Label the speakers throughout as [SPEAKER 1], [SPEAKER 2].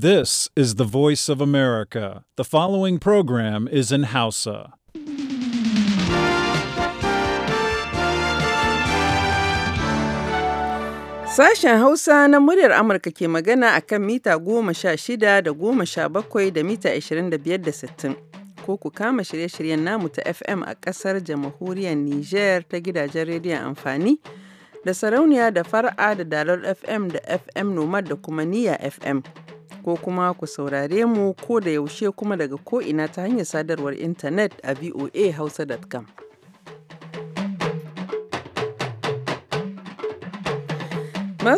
[SPEAKER 1] This is the voice of America. The following program is in Hausa.
[SPEAKER 2] Sashen Hausa na muryar Amurka ke magana a kan mita goma sha shida da goma sha bakwai da mita ashirin da biyar da sittin. Ko ku kama shirye-shiryen namu ta FM a ƙasar jamhuriyar Nijar ta gidajen rediyon amfani da sarauniya da Far'a da dalar FM da FM Nomad da kuma Niyya FM. ko kuma ku saurare mu ko da yaushe kuma daga ko'ina ta hanyar sadarwar intanet a voahausa.com.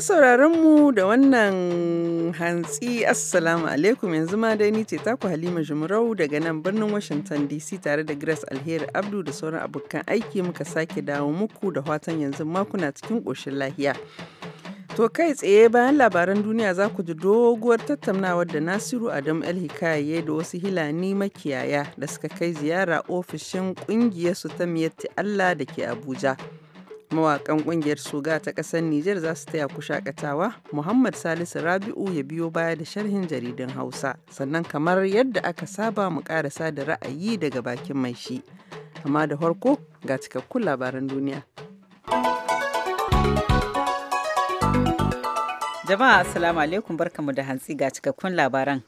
[SPEAKER 2] sauraron mu da wannan hantsi assalamu alaikum yanzu ma dai ni ce taku halima jumrau daga nan birnin washington dc tare da grace alheri abdu da sauran abokan aiki muka sake dawo muku da watan yanzu ma kuna cikin koshin lahiya To kai tsaye bayan labaran duniya za ku ji doguwar tattaunawar da Nasiru Adam El Hikaye da wasu Hilani makiyaya da suka kai ziyara ofishin kungiyar su ta Miyatti Allah da ke Abuja. Mawakan kungiyar Suga ta ƙasar Nijar za su taya ku shakatawa, Muhammad Salisu Rabi'u ya biyo baya da sharhin jaridun Hausa, sannan kamar yadda aka saba mu ƙarasa da ra'ayi daga bakin mai shi. Amma da farko ga cikakkun labaran duniya.
[SPEAKER 1] Jama'a Assalamu alaikum barkamu da hantsi ga cikakkun labaran.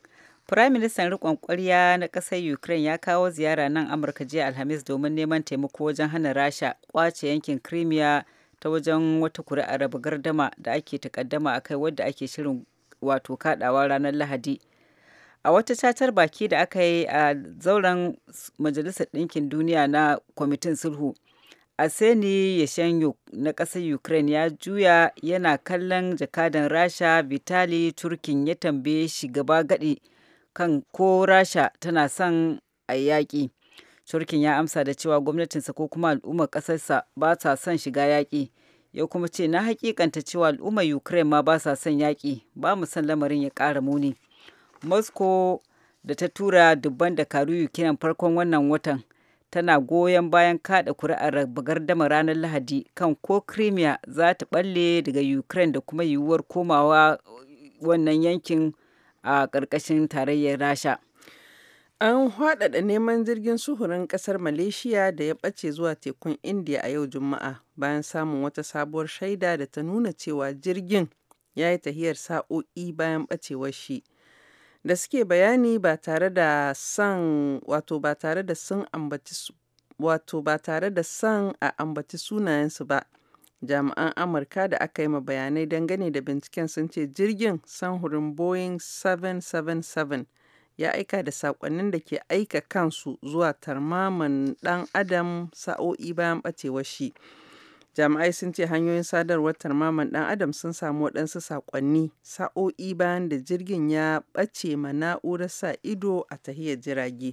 [SPEAKER 1] Firaministan riƙon ƙwarya na ƙasar Ukraine ya kawo ziyara nan Amurka jiya Alhamis domin neman taimako wajen hana Rasha kwace yankin Crimea ta wajen wata kuri'a raba gardama da ake takaddama a kai wadda ake shirin wato kaɗawa ranar Lahadi. A wata catar baki da aka yi a zauren Majalisar Ɗinkin Duniya na Kwamitin Sulhu, a Aseni Yashenyuk na ƙasar Ukraine ya juya yana kallon jakadan Rasha Vitali Turkin ya tambaye shi gaba gadi kan ko Rasha tana son a yaƙi. Turkin ya amsa da cewa gwamnatinsa ko kuma al'ummar ƙasarsa ba sa son shiga yaƙi. Ya kuma ce na hakikanta cewa al'ummar Ukraine ma ba sa son yaƙi, ba mu son lamarin ya ƙara muni. Moscow da ta tura dubban dakaru Ukraine farkon wannan watan. tana goyon bayan kada kuri'ar gardama ranar lahadi kan ko crimea za ta balle daga ukraine da kuma yiwuwar komawa wannan yankin
[SPEAKER 2] a ƙarƙashin tarayyar rasha an haɗaɗa neman jirgin suhurin ƙasar malaysia da ya ɓace zuwa tekun india a yau juma'a bayan samun wata sabuwar shaida da ta nuna cewa jirgin ya yi tahiyar sa'o'i bayan ɓacewar shi da suke bayani ba tare da san wato ba tare da sun ambaci wato ba tare da san a ambaci sunayensu ba jami'an amurka da aka yi ma bayanai dangane da binciken sun ce jirgin sanhurin boeing 777 ya aika da sakonnin da ke aika kansu zuwa tarmaman dan adam sa'o'i bayan ɓacewar shi. jami'ai sun ce hanyoyin sadarwar tarmaman dan adam sun samu waɗansu sakonni sa'o'i bayan da jirgin ya ɓace ma na'urar sa ido a tahiyar jirage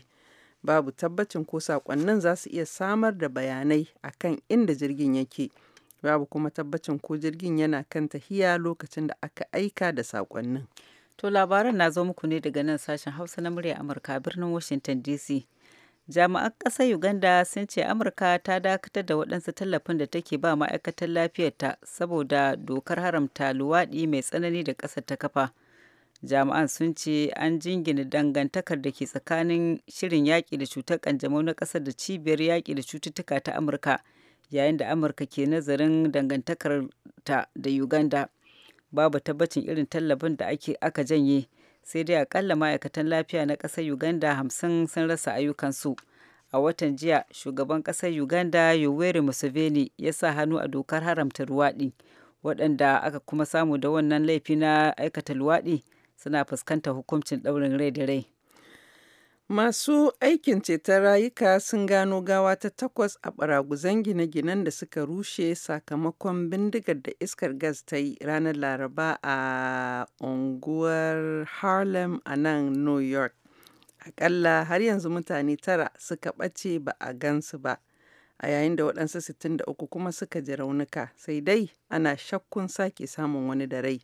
[SPEAKER 2] babu tabbacin ko saƙonnin za su iya samar da bayanai akan inda jirgin yake babu kuma tabbacin ko jirgin yana kan tahiya lokacin da aka aika da saƙonnin to labaran na
[SPEAKER 1] zo muku ne daga nan sashen hausa na murya amurka birnin washington dc jami'an ƙasar uganda sun ce amurka ta dakatar da waɗansu tallafin da take ba ma'aikatar lafiyarta saboda dokar haramta luwaɗi mai tsanani da ƙasar ta kafa jami'an sun ce an jingina dangantakar da ke tsakanin shirin yaƙi da cutar ƙanjamau na ƙasar da cibiyar yaƙi da cututtuka ta amurka yayin da amurka ke nazarin dangantakar ta da uganda babu tabbacin irin tallafin da aka janye sai dai akalla ma'aikatan lafiya na ƙasar uganda hamsin sun rasa ayyukansu a watan jiya shugaban ƙasar uganda yoweri museveni ya sa hannu a dokar haramta luwaɗi waɗanda aka kuma samu da wannan laifi na aikata luwaɗi suna fuskantar
[SPEAKER 2] hukuncin ɗaurin rai da rai Masu aikin ceton rayuka sun gano gawa ta takwas a ɓaraguzan gine-ginen da suka rushe sakamakon bindigar da iskar gas ta yi ranar Laraba a unguwar Harlem a nan New York. Akalla har yanzu mutane tara suka ɓace ba a gansu ba, a yayin da waɗansu 63 kuma suka ji raunuka, sai dai ana shakkun sake samun wani da rai.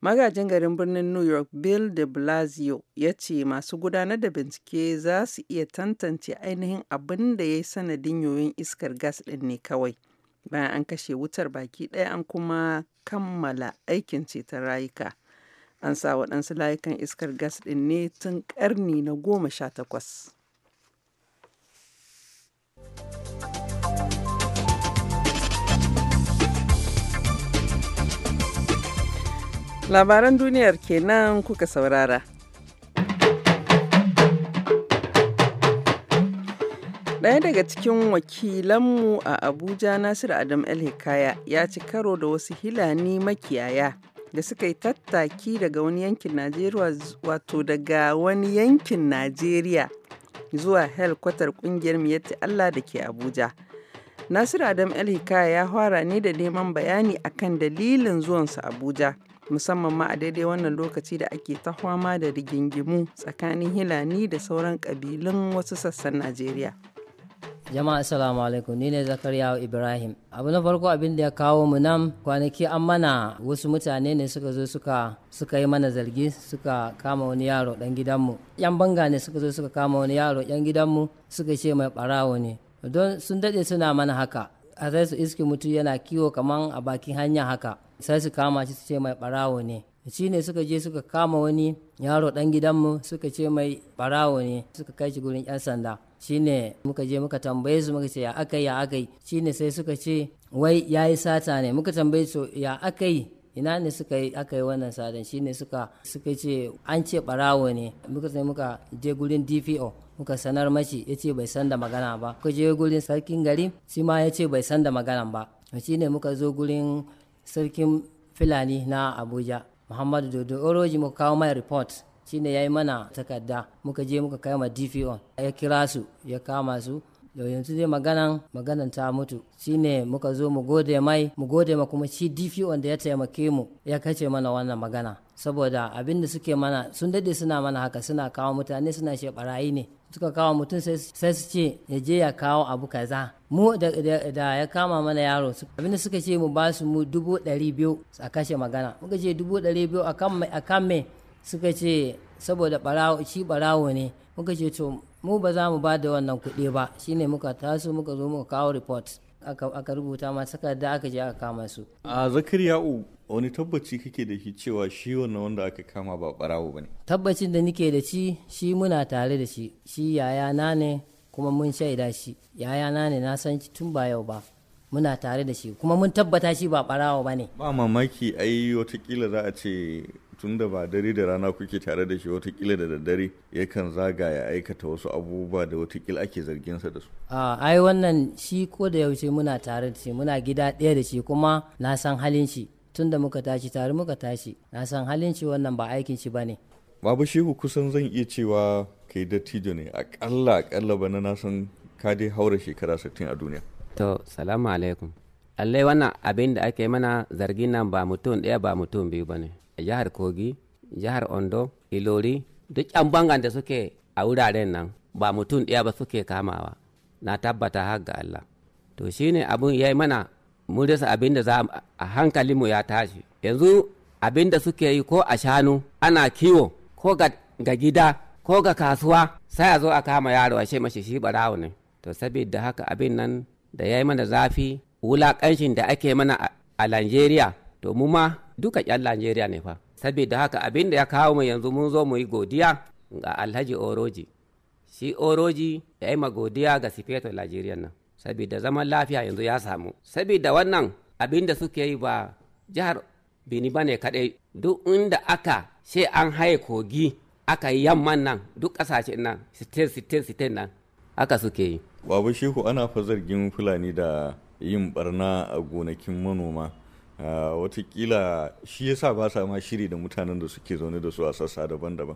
[SPEAKER 2] Magajin garin birnin New York Bill de Blasio ya ce masu gudanar da bincike za su iya tantance ainihin abin da ya yi sanadin yoyin iskar gas ɗin ne kawai. Bayan an kashe wutar baki ɗaya an kuma kammala aikin ceton rayuka. An sa waɗansu layukan iskar gas ɗin ne tun ƙarni na goma sha takwas. Labaran duniyar kenan kuka saurara. Ɗaya daga cikin wakilanmu a Abuja Nasiru Adam El Hikaya ya ci karo da wasu hilani makiyaya da suka yi tattaki daga wani yankin Najeriya wato daga wani yankin Najeriya zuwa helkwatar kungiyar Miyatti Allah da ke Abuja. Nasiru Adam El Hikaya ya fara ne da neman bayani akan dalilin zuwansa Abuja musamman ma a daidai wannan lokaci da ake ta fama da rigingimu tsakanin hilani da sauran kabilun wasu sassan najeriya
[SPEAKER 3] jama'a assalamu alaikum ni ne zakariya ibrahim abu na farko abin da ya kawo mu nan kwanaki an mana wasu mutane ne suka zo suka suka yi mana zargi suka kama wani yaro dan gidanmu yan banga ne suka zo suka kama wani yaro yan gidanmu suka ce mai barawo ne don sun dade suna mana haka a sai su iske mutu yana kiwo kaman a bakin hanya haka sai su kama shi su ce mai barawo ne shi ne suka je suka kama wani yaro dan gidanmu suka ce mai barawo ne suka kai shi gurin yan sanda shi ne muka je muka tambaye su muka ce ya akai ya akai shi ne sai suka ce wai ya yi sata ne muka tambaye su ya akai ina ne suka yi aka yi wannan sadan shi ne suka suka ce an ce barawo ne muka sai muka je gurin dpo muka sanar mashi ya ce bai san da magana ba muka je gurin sarkin gari shi ma ya ce bai san da magana ba shi ne muka zo gurin sarkin fulani na abuja muhammadu dodo oroji muka kawo mai report ne ya yi mana takarda muka je muka kai ma dpo ya kira su ya kama su yau yanzu dai maganan maganan ta mutu shine muka zo mu gode mai mu gode ma kuma shi DPO wanda ya taimake mu ya kace mana wannan magana saboda abin da suke mana sun dade suna mana haka suna kawo mutane suna she barayi ne suka kawo mutum sai su ce ya je ya kawo abu kaza mu da ya kama mana yaro abinda suka ce mu ba su mu dubu ɗari biyu a kashe magana muka ce dubu ɗari biyu a kan me suka ce saboda shi barawo ne muka ce to mu ba za mu ba da wannan kuɗi ba shine muka taso muka zo muka kawo report aka rubuta masu da aka je aka kama su
[SPEAKER 4] a ya'u wani tabbaci kake da shi cewa shi wannan wanda aka kama ba barawo ba ne
[SPEAKER 3] tabbacin da nike da shi shi muna tare da shi shi yaya na ne kuma mun shaida shi yaya na ne na san tun ba yau ba muna tare da shi kuma mun tabbata shi ba barawo ba ne
[SPEAKER 4] ba mamaki ai watakila za a ce tun da ba dare da rana kuke tare da shi watakila da daddare yakan zaga ya aikata wasu abubuwa da watakila ake zarginsa da su.
[SPEAKER 3] a ai wannan shi ko da yaushe muna tare da shi muna gida ɗaya da shi kuma na san halin shi tun da muka tashi tare muka tashi na san halin shi wannan ba aikin shi ba ne.
[SPEAKER 4] babu shehu kusan zan iya cewa kai dattijo ne akalla akalla ba na san ka dai haura shekara 60 a duniya. to salamu alaikum allai wannan abin da ake mana
[SPEAKER 5] zargin nan ba mutum ɗaya ba mutum biyu ba ne E jihar kogi jihar ondo ilori duk yan bangan da suke a wuraren nan ba mutum ɗaya ba suke kamawa na tabbata har ga allah to shine abun ya yi mana mun rasa abin da za a hankalinmu ya tashi yanzu abin da suke yi ko a shanu ana kiwo ko ga gida ko ga kasuwa sai a zo a kama yaro a ce shi barawo ne to saboda haka abin nan da ya yi mana zafi wulaƙanshin da ake mana a Najeriya to mu ma duka yan Najeriya ne fa saboda haka abin da ya kawo mu yanzu mun zo mu yi godiya ga Alhaji Oroji shi Oroji ya yi godiya ga Sifeto Najeriya nan saboda zaman lafiya yanzu ya samu saboda wannan abin da suke yi ba jihar Bini bane kaɗai duk inda aka sai an haye kogi aka yi yamman nan duk ƙasashe nan sitin sitin sitin nan
[SPEAKER 4] aka suke yi. Babu Shehu ana fa zargin Fulani da yin barna a gonakin manoma. Ah, watakila shi yasa ba sa ma shiri da mutanen da suke zaune da su a sassa daban-daban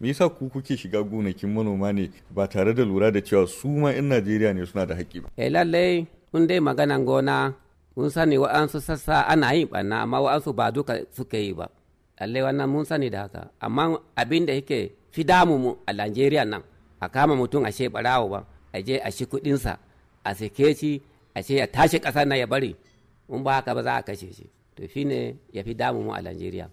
[SPEAKER 4] me yasa ku kuke shiga gonakin manoma ne ba tare da lura da cewa su ma in najeriya ne suna da haƙƙi ba
[SPEAKER 5] eh lallai kun dai maganan gona mun sani wa'ansu sassa ana yin ɓanna amma wa'ansu ba duka suka yi ba lallai wannan mun sani da haka amma abin da yake fi damu mu a najeriya nan a kama mutum a she barawo ba a je a shi kuɗinsa a sake shi a ce ya tashi ƙasar na ya bari in ba haka ba za a kashe shi to shine ya fi damu mu a Najeriya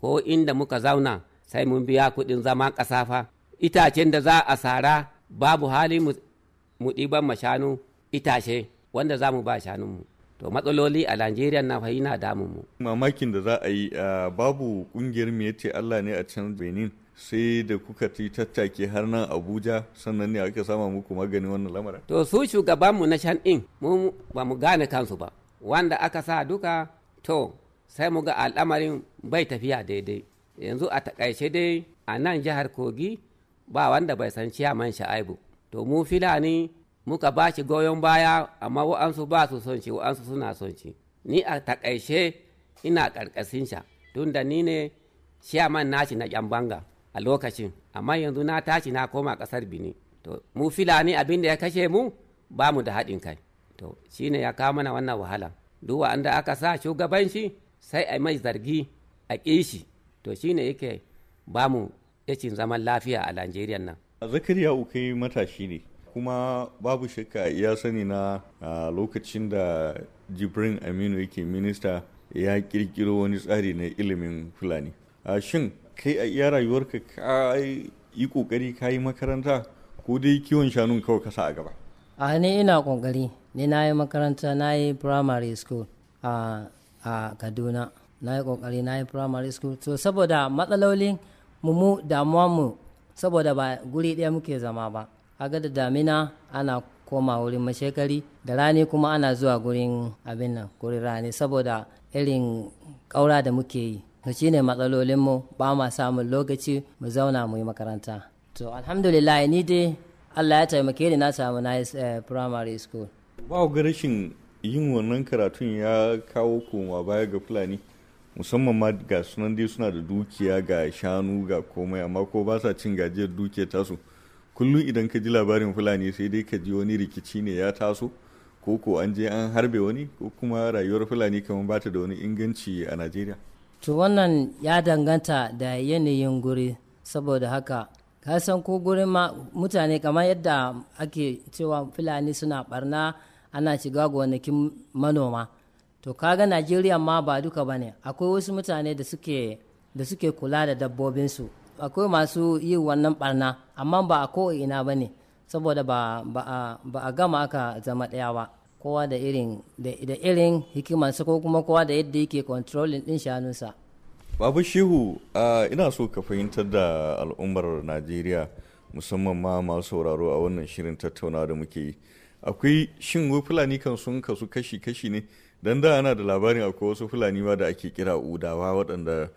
[SPEAKER 5] ko inda muka zauna sai mun biya kuɗin zama ƙasafa itacen da za a sara babu hali mu ɗiban ma shanu itace wanda za mu ba shanunmu to matsaloli a Najeriya na fa yana
[SPEAKER 4] damun mu mamakin da za a yi babu kungiyar me yace Allah ne a can Benin sai da kuka ci tattake har nan Abuja sannan ne aka sama muku magani wannan lamarin to
[SPEAKER 5] su shugabanmu na shan ɗin, mu ba mu gane kansu ba wanda aka sa duka to sai mu ga al'amarin bai tafiya daidai yanzu a takaice dai a nan jihar kogi ba wanda bai san ciyaman sha'aibu to mu filani muka ba shi goyon baya amma wa'ansu ba su son shi wa'ansu suna son shi ni a takaice ina karkashin sha tunda ni ne ciyaman nashi na banga a lokacin amma yanzu na tashi na koma kasar bini to mu filani abin da ya kashe mu ba mu da haɗin kai to shi ne ya kawo mana wannan wahala an da aka sa shugabanci sai a mai zargi a kishi to shine yake ba mu yacin zaman lafiya a Najeriya nan
[SPEAKER 4] zakariya ukai matashi ne kuma babu shakka ya sani na lokacin da jibrin aminu yake minista ya kirkiro wani tsari na ilimin fulani a shin kai a iya rayuwarka ka yi kokari ka yi makaranta ko dai kiwon shanun kawai kasa a gaba
[SPEAKER 3] a ni ina ƙoƙari ni na yi makaranta na yi primary school a kaduna na yi ƙoƙari na yi primary school to saboda matsalolin mu damuwa mu saboda ba guri ɗaya muke zama ba ga da damina ana koma wurin mashekari da rani kuma ana zuwa gurin abin nan gurin rani saboda irin ƙaura da muke yi to shine matsalolinmu ba ma samun lokaci mu zauna mu yi makaranta to alhamdulillah ni dai Allah ya taimake ni na samu na eh, primary school
[SPEAKER 4] ba ga rashin yin wannan karatun ya kawo koma baya ga fulani musamman ma ga sunan dai suna da dukiya ga shanu ga komai amma ko ba sa cin gajiyar dukiya tasu kullum idan ka ji labarin fulani sai dai ka ji wani rikici ne ya taso ko ko an je an harbe wani ko kuma rayuwar fulani kamar ba ta da wani inganci a najeriya
[SPEAKER 3] to wannan ya danganta da yanayin guri saboda haka ka san ko gurin mutane kamar yadda ake cewa fulani suna barna ana shiga gonakin manoma to kaga najeriya ma ba duka ba ne akwai wasu mutane da suke da kula da dabbobinsu akwai masu yi wannan barna amma ba a ko ina ba ne saboda ba, a gama aka zama ɗaya ba kowa da irin da, hikimansa ko kuma kowa da yadda yake controlling ɗin shanunsa
[SPEAKER 4] Babu Shehu, ina so ka fahimtar da al'ummar Najeriya musamman ma masu sauraro a wannan shirin tattaunawa da muke yi. Akwai shin wai Fulani kan sun kasu kashi-kashi ne? don da ana da labarin akwai wasu Fulani ma da ake kira Udawa waɗanda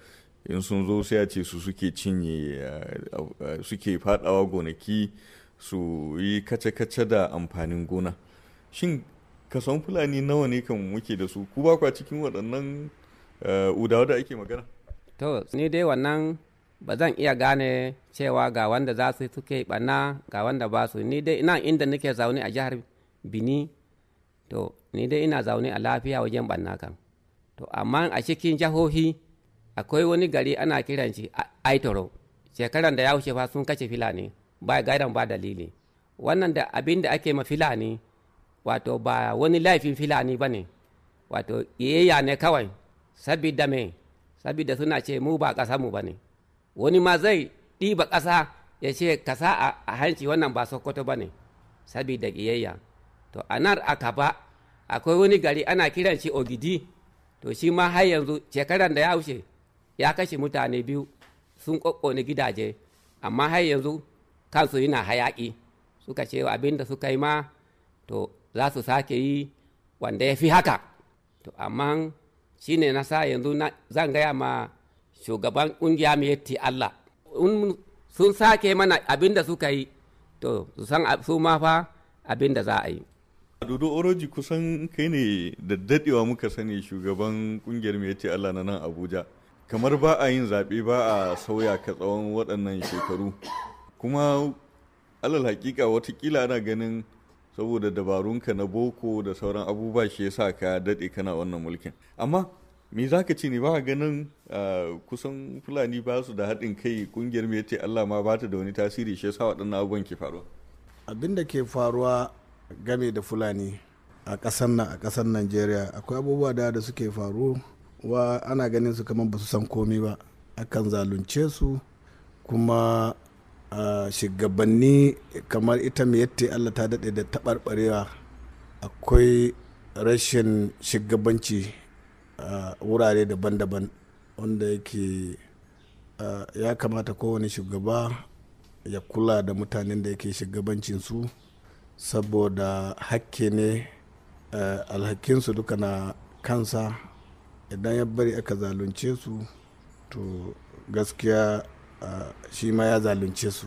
[SPEAKER 4] in sun zo sai a ce su suke cinye suke fadawa gonaki su yi kace-kace da amfanin gona. Shin san Fulani nawa ne kan muke da su? Ku ba cikin waɗannan udawa da ake magana?
[SPEAKER 5] to ni dai wannan ba zan iya gane cewa ga wanda za su suke ɓanna ga wanda ba su ni dai ina inda nake zaune a jihar bini to ni dai ina zaune a lafiya wajen ɓanna kan to amma a cikin jahohi akwai wani gari ana kiran shi aitoro shekaran da ya wuce fa sun kace filani ba gaidan ba dalili wannan da abin da ake ma filani wato ba wani laifin filani ba ne wato iyayya ne kawai da me Sabida suna ce mu ba ƙasa mu ba ne wani ma zai ɗiba ƙasa ya ce kasa a hanci wannan ba sokoto ba ne saboda ƙiyayya to a nan a kaba akwai wani gari ana kiran shi ogidi to shi ma har yanzu shekaran da ya wuce ya kashe mutane biyu sun ni gidaje amma har yanzu kansu yana hayaƙi suka ce abin da suka yi ma to za su sake yi wanda ya fi haka to amma Shi ne na sa yanzu zan gaya ma shugaban ƙungiya mai yatti Allah sun sake mana abin da suka yi to su san su ma fa abin da za a
[SPEAKER 4] yi dodo oroji kusan kai ne da dadewa muka sani shugaban ƙungiyar mai yatti Allah na nan Abuja kamar ba a yin zaɓe ba a sauya ka tsawon waɗannan shekaru kuma alal hakika watakila ana ganin saboda dabarunka na boko da sauran abubuwa shi yasa ka daɗe kana wannan mulkin amma me za ka ce ne ba ganin ah, kusan fulani ba su da haɗin kai ƙungiyar me ce allah ma ba ta da wani tasiri shi yasa waɗannan abubuwan ke faruwa abin da ke faruwa game da fulani
[SPEAKER 6] a ƙasar nan a ƙasar najeriya akwai abubuwa da da suke faru ana ganin su kamar ba su san komi ba akan zalunce su kuma shugabanni kamar ita mai yadda allah ta daɗe da taɓarɓarewa akwai rashin shugabanci a wurare daban-daban wanda yake ya kamata kowane shugaba ya kula da mutanen da yake shugabancinsu saboda hakke ne alhakinsu duka na kansa idan ya bari aka zalunce su to gaskiya shi ma ya zalunce su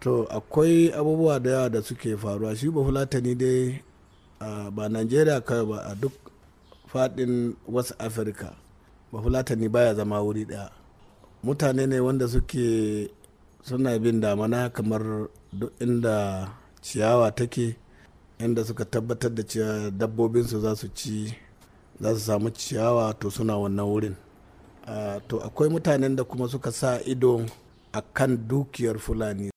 [SPEAKER 6] to akwai abubuwa da yawa da suke faruwa shi ba fulatani dai ba nigeria kawai ba a duk fadin wasu afirka ba fulatani baya zama wuri daya mutane ne wanda suke suna bin damana kamar duk inda ciyawa take inda suka tabbatar da dabbobinsu za su ci za su samu ciyawa to suna wannan wurin Ah, to akwai mutanen da kuma suka sa ido a kan dukiyar fulani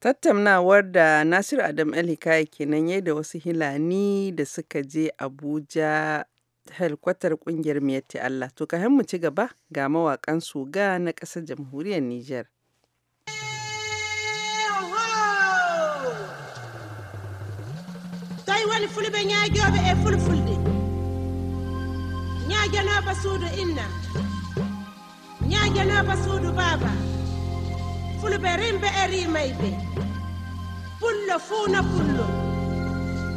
[SPEAKER 2] tattaunawar da nasiru adam alhikaya kenan ya da wasu hilani da suka je abuja helkwatar kungiyar miyatti allah to ka mu ci gaba ga mawakan suga na ƙasar jamhuriyar niger
[SPEAKER 1] wani fulben ya gyobe e fulfulde
[SPEAKER 2] janaba basudu inna ña janaba suudu baaba fulɓe rimɓe e rimayɓe ful ful
[SPEAKER 1] pullo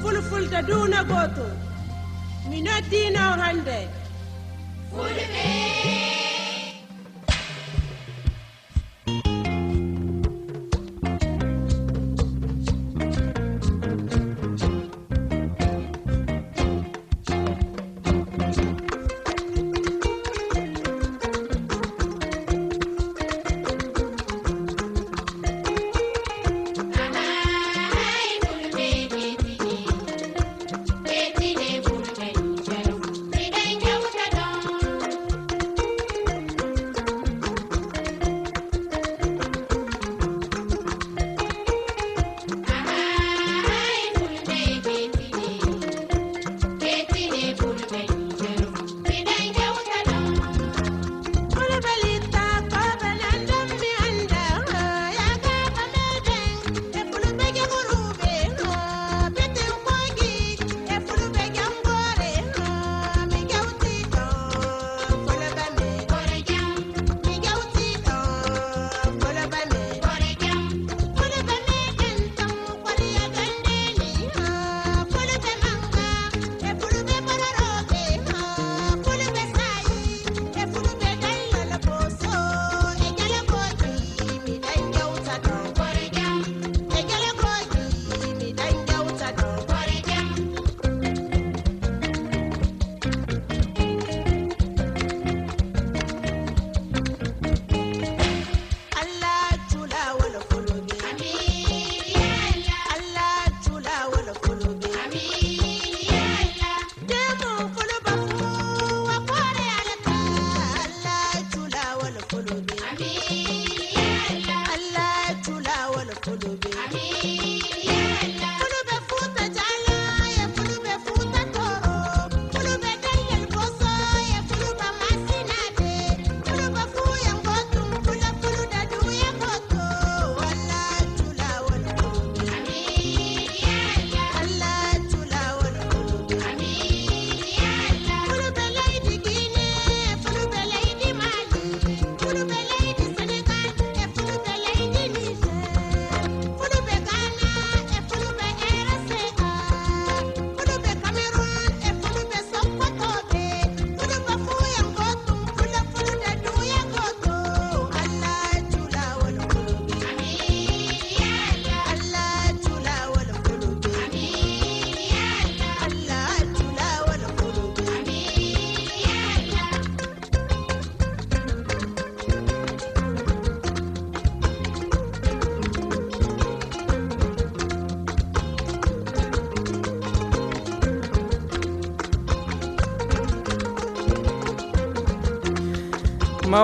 [SPEAKER 1] fulfulde duuna gooto mi noddino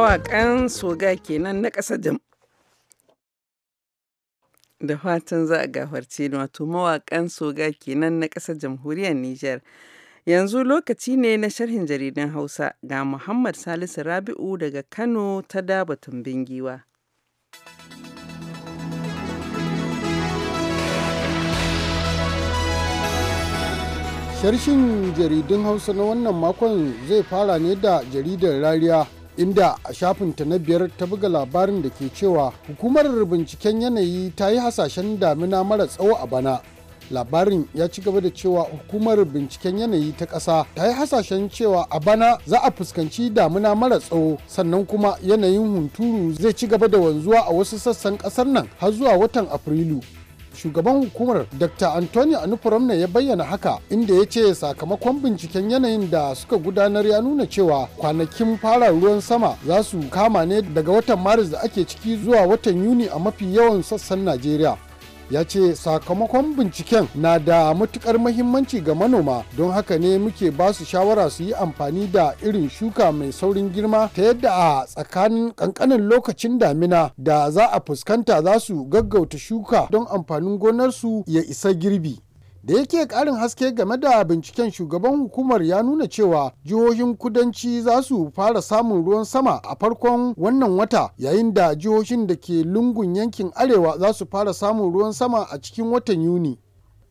[SPEAKER 2] mawaƙan soga kenan na ƙasa jam da fatan za a gafarce ni wato mawaƙan soga kenan na ƙasar jamhuriyar Nijar. Yanzu lokaci ne na sharhin jaridan Hausa ga Muhammad Salisu Rabi'u daga Kano ta Daba Tumbin Giwa.
[SPEAKER 7] Sharshin jaridun Hausa na wannan makon zai fara ne da jaridar rariya inda a shafinta na biyar ta buga labarin da ke cewa hukumar binciken yanayi ta yi hasashen damina mara tsawo a bana labarin ya ci gaba da cewa hukumar binciken yanayi ta ƙasa ta yi hasashen cewa a bana za a fuskanci damina mara tsawo sannan kuma yanayin hunturu zai ci gaba da wanzuwa a wasu sassan ƙasar nan har zuwa watan afrilu shugaban hukumar dr anthony anupuramna ya bayyana haka inda ya ce sakamakon binciken yanayin da suka gudanar ya nuna cewa kwanakin fara ruwan sama za su kama ne daga watan maris da ake ciki zuwa watan yuni a mafi yawan sassan najeriya ya ce sakamakon binciken na da matukar mahimmanci ga manoma don haka ne muke ba su shawara su yi amfani da irin shuka mai saurin girma ta yadda a tsakanin kankanin lokacin damina da za a fuskanta za su gaggauta shuka don amfanin gonarsu ya isa girbi. da yake karin haske game da binciken shugaban hukumar ya nuna cewa jihohin kudanci za su fara samun ruwan sama a farkon wannan wata yayin da jihohin da ke lungun yankin arewa za su fara samun ruwan sama a cikin watan yuni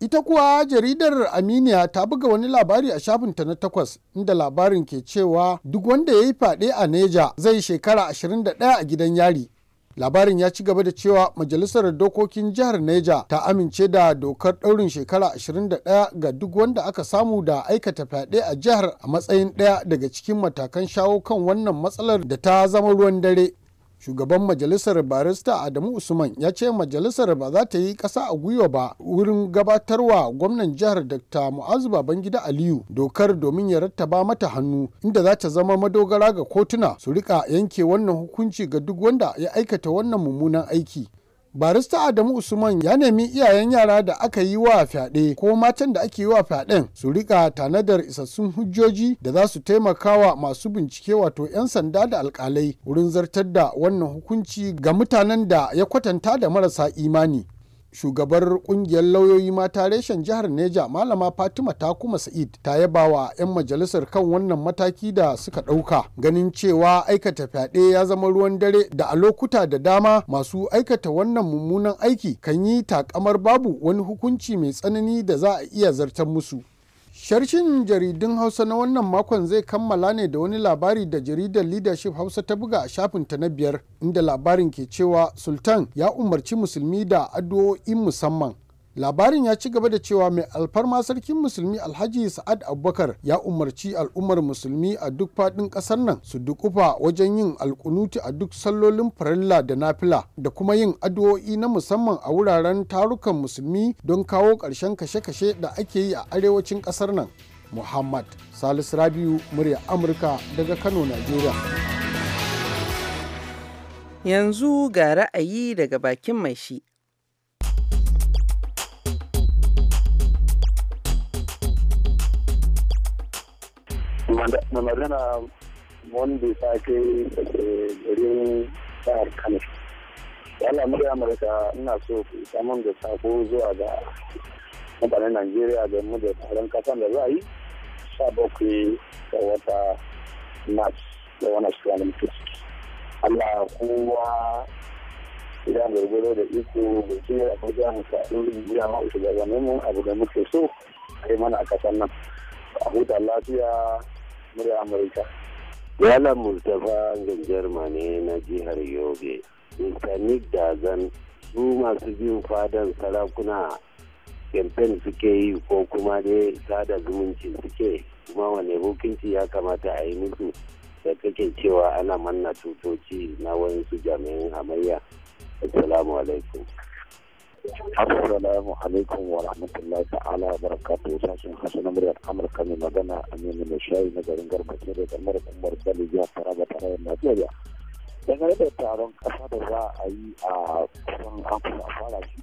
[SPEAKER 7] ita kuwa jaridar aminiya ta buga wani labari a shafinta na takwas inda labarin ke cewa duk wanda ya yi fade a neja zai shekara 21 a gidan yari labarin ya ci gaba da cewa majalisar dokokin jihar neja ta amince da dokar ɗaurin shekara 21 ga duk wanda aka samu da aikata fyaɗe a jihar a matsayin ɗaya daga cikin matakan shawo kan wannan matsalar da ta zama ruwan dare shugaban majalisar barista adamu usman ya ce majalisar ba za ta yi kasa a gwiwa ba wurin gabatarwa gwamnan jihar dr mu'azu babangida aliyu dokar domin ya rattaba mata hannu inda za ta zama madogara ga kotuna su rika yanke wannan hukunci ga duk wanda ya aikata wannan mummunan aiki barista adamu usman ya nemi iyayen yara da aka yi wa fyaɗe ko matan da ake yi wa fyaɗen su rika tanadar isassun hujjoji da za su taimakawa masu bincike wato 'yan sanda da alkalai wurin zartar da wannan hukunci ga mutanen da ya kwatanta da marasa imani shugabar kungiyar lauyoyi mata reshen jihar neja malama fatima takuma sa'id ta yaba wa 'yan majalisar kan wannan mataki da suka ɗauka ganin cewa aikata fyaɗe ya zama ruwan dare da a lokuta da dama masu aikata wannan mummunan aiki kan yi takamar babu wani hukunci mai tsanani da za a iya zartar musu sharcin jaridun Hausa na wannan makon zai kammala ne da wani labari da jaridar Leadership Hausa ta buga a shafinta na biyar, inda labarin ke cewa Sultan ya umarci musulmi da addu'o'in musamman. labarin ya ci gaba da cewa mai alfarma sarkin musulmi alhaji sa'ad abubakar ya umarci al'ummar musulmi a duk faɗin ƙasar nan su dukufa wajen yin alkunuti a duk sallolin farilla da nafila da kuma yin addu'o'i na musamman a wuraren tarukan musulmi don kawo ƙarshen kashe-kashe da ake yi a arewacin ƙasar nan muhammad salisu rabiu murya
[SPEAKER 2] amurka daga kano najeriya yanzu ga ra'ayi daga bakin mai shi
[SPEAKER 8] mai magana wanda ta kai garin jihar kano wala murya amurka ina so ku samun da sako zuwa ga mutanen najeriya da mu da taron kasan da za a yi sha bakwai ga wata mars da wani suwanin kristi allah kowa ya gurguro da iko da ke a kwaje mu sa'in biya ma'u shugabanninmu abu da muke so a yi mana a kasan nan a huta lafiya murya amurka yala mustapha ganjar na jihar yobe mutanik da zan su masu bin fadan sarakuna kamfen suke yi ko kuma ne sada zumunci suke kuma wane hukunci ya kamata a yi musu da kake cewa ana manna tutoci na wayansu jami'in hamayya assalamu alaikum Assalamu alaikum wa rahmatullahi ta'ala wa sashen hasa na muryar Amurka mai magana nemi mai shayi na garin Garba ke da kamar kumar Bali ya fara da Najeriya. Dangane da taron kasa da za a yi a kusan Afirka a fara shi.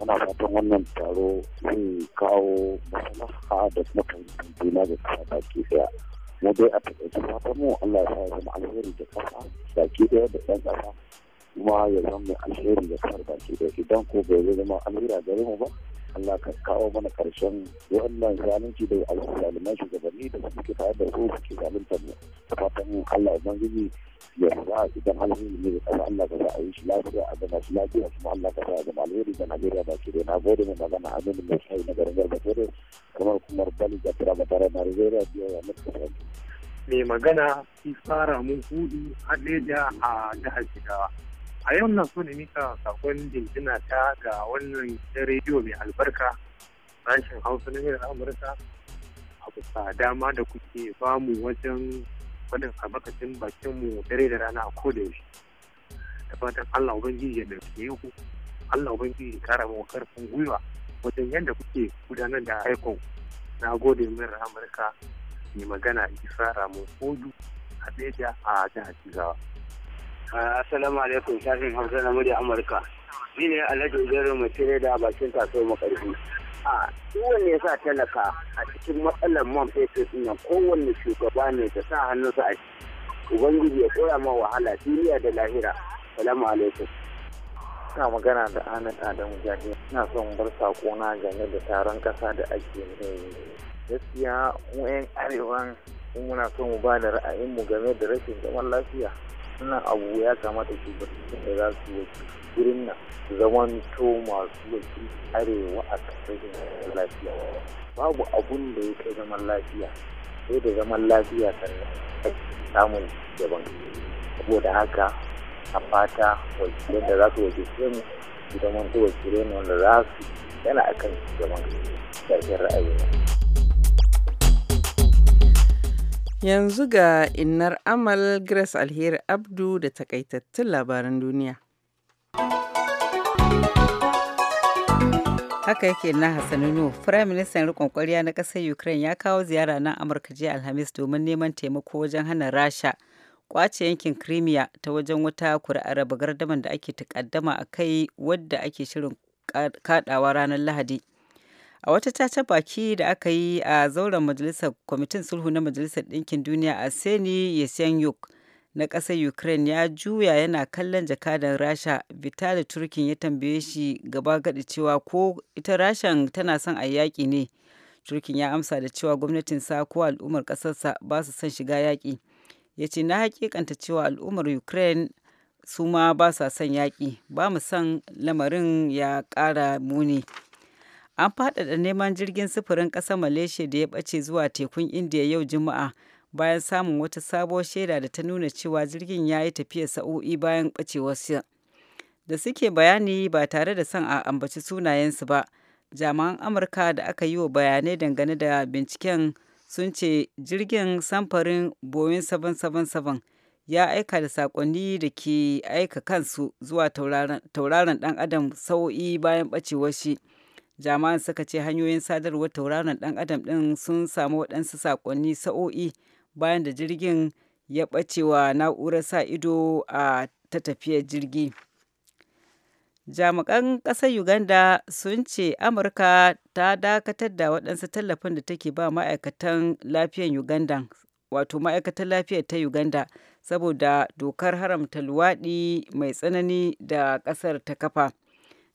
[SPEAKER 8] Muna fatan wannan taro zai kawo masalaha da kuma kan juna da kasa ke daya. Mu dai a taƙaice fatan mu Allah ya sa ya zama alheri da kasa baki daya da ɗan ƙasa. kuma ya zama mai alheri da kar baki da idan ko bai zai zama alhira gare mu ba Allah ka kawo mana karshen wannan zalunci da alƙalaman shugabanni da suke tare da su suke zalunta mu fatan Allah ubangiji ya a idan alheri ne da Allah ka za a yi shi lafiya a gama shi lafiya kuma Allah ka za a gama alheri da Najeriya baki da na gode mu magana aminu mai sai na garin gargajiya kamar kumar bali da tara ba tare Najeriya biya ya mutu mai magana fara mun hudu haɗe da a jihar Jigawa. a yau na so na mika sakon jinjina ta ga wannan rediyo mai albarka sashen hausa na yau amurka a kusa dama da kuke bamu wajen faɗin albarkacin bakinmu dare da rana a kodayaushe da fatan allah ubangiji ya yi ku allah ubangiji kara mu karfin gwiwa wajen yadda kuke gudanar da haikon, na gode min amurka mai magana isa ramon hudu a a jihar jigawa Assalamu alaikum shafin Hausa na murya Amurka. Ni ne Alhaji mai cire da bakin kasuwar makarfi. a kowanne ya sa talaka a cikin matsalar man fetur ɗin nan kowanne shugaba ne da sa hannunsa a ubangiji ya koya ma wahala duniya da lahira salamu alaikum ina magana da ahmed adamu Jami ina son bar sakona game da taron kasa da ake gaskiya mu yan arewa muna son mu ba da ra'ayin mu game da rashin zaman lafiya suna abu ya kamata shugabannin da za su yi wurin nan zamanto masu wakil arewa a kasashen lafiya babu abun da ya kai zaman lafiya sai da zaman lafiya sannan samun daban saboda haka a fata wakilai da za su wakilce mu su zamanto wakilai wanda za su yana akan gaban ƙarshen ra'ayi
[SPEAKER 2] Yanzu ga innar Amal Grace Alheri Abdu da takaitattun labaran duniya.
[SPEAKER 1] Haka yake na Hassaninu, Firayim Ministan Rikon Kwariya na ƙasar Ukraine ya kawo ziyara na Amurka jiya Alhamis domin neman taimako wajen hana Rasha kwace yankin Crimea ta wajen wata kuri'ar raba gardamar da ake takaddama a kai wadda ake shirin kaɗawa ranar Lahadi. a wata caca baki da aka yi a zauren majalisar kwamitin sulhu na majalisar ɗinkin duniya a seni yesenyuk na ƙasar ukraine ya juya yana kallon jakadan rasha vitali turkin ya tambaye shi gaba gaɗi cewa ko ita rashan tana son a yaƙi ne turkin ya amsa da cewa gwamnatin sa ko al'ummar ƙasarsa ba su son shiga yaƙi ya ce na hakikanta cewa al'ummar ukraine su ma ba sa son yaƙi ba mu son lamarin ya ƙara muni an faɗaɗa neman jirgin sufurin ƙasa malaysia da ya ɓace zuwa tekun indiya yau juma'a bayan samun wata sabuwar shaida da ta nuna cewa jirgin ya yi tafiya sa'o'i bayan ɓacewarsa da suke bayani ba tare da son a ambaci sunayensu ba jami'an amurka da aka yi wa bayanai dangane da binciken sun ce jirgin samfarin boeing 777 ya aika da sakonni da ke aika kansu zuwa tauraron ɗan adam sa'o'i bayan ɓacewar shi. jama'an suka ce hanyoyin sadarwar tauraron dan adam din sun samu waɗansu sakonni sa'o'i bayan da jirgin ya ɓacewa na'urar sa ido a ta tafiya jirgi jami'an ƙasar uganda sun ce amurka ta dakatar da waɗansu tallafin da take ba ma'aikatan lafiyar uganda wato ma'aikatar lafiyar ta uganda saboda dokar haramta luwaɗi mai tsanani da ƙasar ta kafa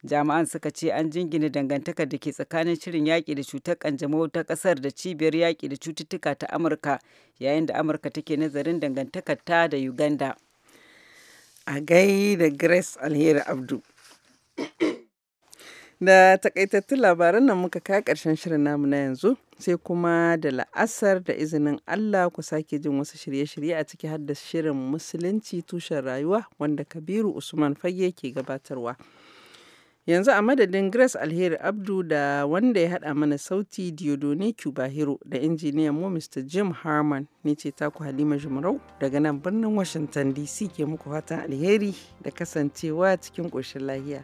[SPEAKER 1] jami'an suka ce an jingina dangantakar da ke tsakanin shirin yaƙi da cutar kanjamau ta ƙasar da cibiyar yaƙi da cututtuka ta amurka yayin da amurka take
[SPEAKER 2] nazarin dangantakar ta da uganda a gai da grace alheri abdu da takaitattun labaran nan muka kai karshen shirin namu na yanzu sai kuma da la'asar da izinin Allah ku sake jin wasu shirye-shirye a ciki har da shirin musulunci tushen rayuwa wanda kabiru usman fage ke gabatarwa. Yanzu a madadin Grace Alheri Abdu da wanda ya hada mana sauti Diodone Cubahiro da injiniyan mu Mr. Jim Harman ne ce taku Halima jimarau daga nan birnin Washington DC ke muku fatan alheri da kasancewa cikin ƙoshin lahiya.